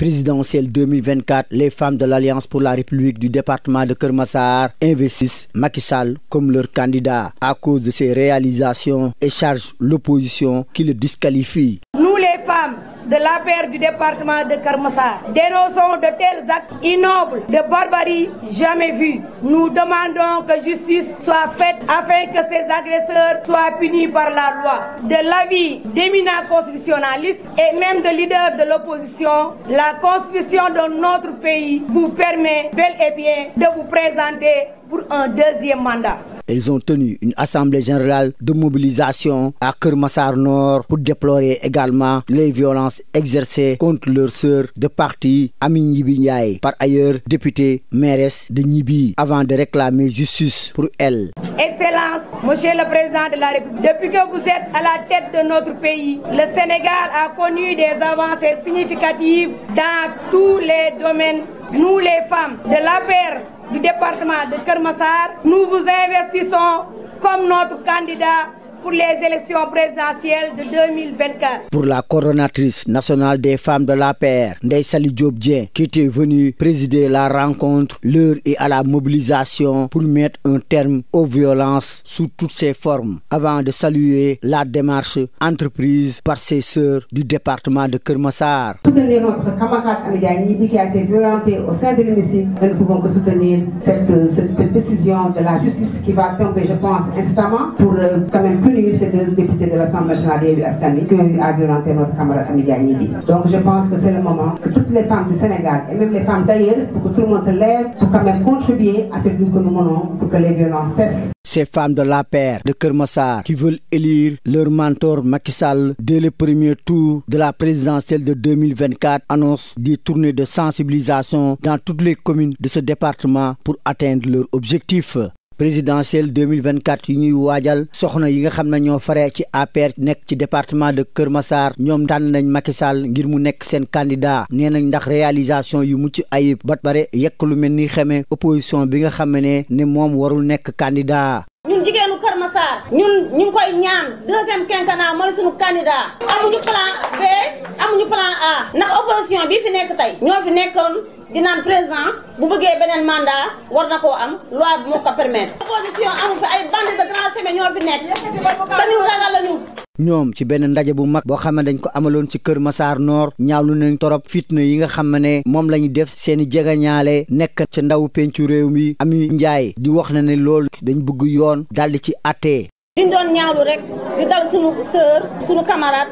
présidentielle 2024, les femmes de l'Alliance pour la République du département de Kermassar investissent Macky Sall comme leur candidat à cause de ses réalisations et chargent l'opposition qui le disqualifie de la du département de Karmassar. Dénonçons de tels actes ignobles, de barbarie jamais vus. Nous demandons que justice soit faite afin que ces agresseurs soient punis par la loi. De l'avis d'éminents constitutionnalistes et même de leaders de l'opposition, la constitution de notre pays vous permet bel et bien de vous présenter pour un deuxième mandat. Ils ont tenu une assemblée générale de mobilisation à Kermassar Nord pour déplorer également les violences exercées contre leur sœur de parti Amin Ndiaye, par ailleurs députée mairesse de Nibi, avant de réclamer justice pour elle. Excellence, Monsieur le Président de la République, depuis que vous êtes à la tête de notre pays, le Sénégal a connu des avancées significatives dans tous les domaines. Nous les femmes de la paix do departamento de Kermassar. Nous vous como comme candidato pour les élections présidentielles de 2024. Pour la coronatrice nationale des femmes de la paire, Ndeye Sali qui était venue présider la rencontre, l'heure et à la mobilisation pour mettre un terme aux violences sous toutes ses formes, avant de saluer la démarche entreprise par ses sœurs du département de Kermassar. Soutenir notre camarade qui a été violenté au sein de l'hémicycle, nous ne pouvons que soutenir cette, euh, décision de la justice qui va tomber, je pense, incessamment pour euh, quand même plus c'est deux de l'Assemblée nationale qui a violé notre camarade Amidia Nidi. Donc je pense que c'est le moment que toutes les femmes du Sénégal et même les femmes d'ailleurs, pour que tout le monde se lève, pour quand même contribuer à cette lutte que nous menons pour que les violences cessent. Ces femmes de la paire de Kermassar qui veulent élire leur mentor Macky Sall dès le premier tour de la présidentielle de 2024 annoncent des tournées de sensibilisation dans toutes les communes de ce département pour atteindre leur objectif. présidentielle 2024 yu ñuy waajal soxna yi nga xam ne ñoo faree ci APR nekk ci département de Kër Massar ñoom tànn nañ Macky Sall ngir mu nekk seen kandidaa nee nañ ndax réalisation yu mucc ayib ba bare yekk lu mel ni xamee opposition bi nga xam ne ne moom warul nekk candidat. ñun jigéenu Kër Massar ñun ñu koy ñaan deuxième quinquennat mooy suñu candidat amuñu plan B amuñu plan A ndax opposition nekk tey ñoo fi nekkoon di naan bu bëggee beneen mandat war na koo am loi bi ko permettre. opposition amu fi ay bandits grand chemin ñoo fi nekk dañu ragal la ñoom ci benn ndaje bu mag boo xam ne dañ ko amaloon ci kër Massar Nord ñaawlu nañ torop fitna yi nga xam ne moom la def seeni i jegeñaale nekk ca ndaw pencu réew mi Ami Ndiaye di wax na ne loolu dañ bugg yoon daldi ci àtte. li ñaawlu rek di dal sunu sœur sunu camarade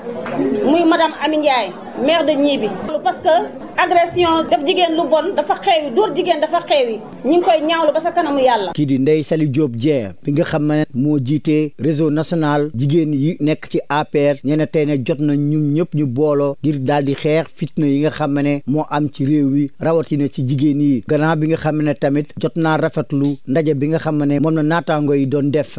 muy madame Ami Ndiaye maire de parce agression def jigéen lu bon dafa xeewi dóor jigéen dafa xeewi ñu koy ñaawlu ba sa kanamu yàlla. kii di Ndeye Saly Diop Dieng bi nga xam ne moo jiite réseau national jigéen yi nekk ci APR ñeneen jot na ñun ñëpp ñu booloo ngir daal xeex fitna yi nga xam ne moo am ci réew yi rawatina ci jigéen yi gannaaw bi nga xam ne tamit jot naa rafetlu ndaje bi nga xam ne moom na naataango yi doon def.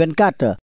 Venkat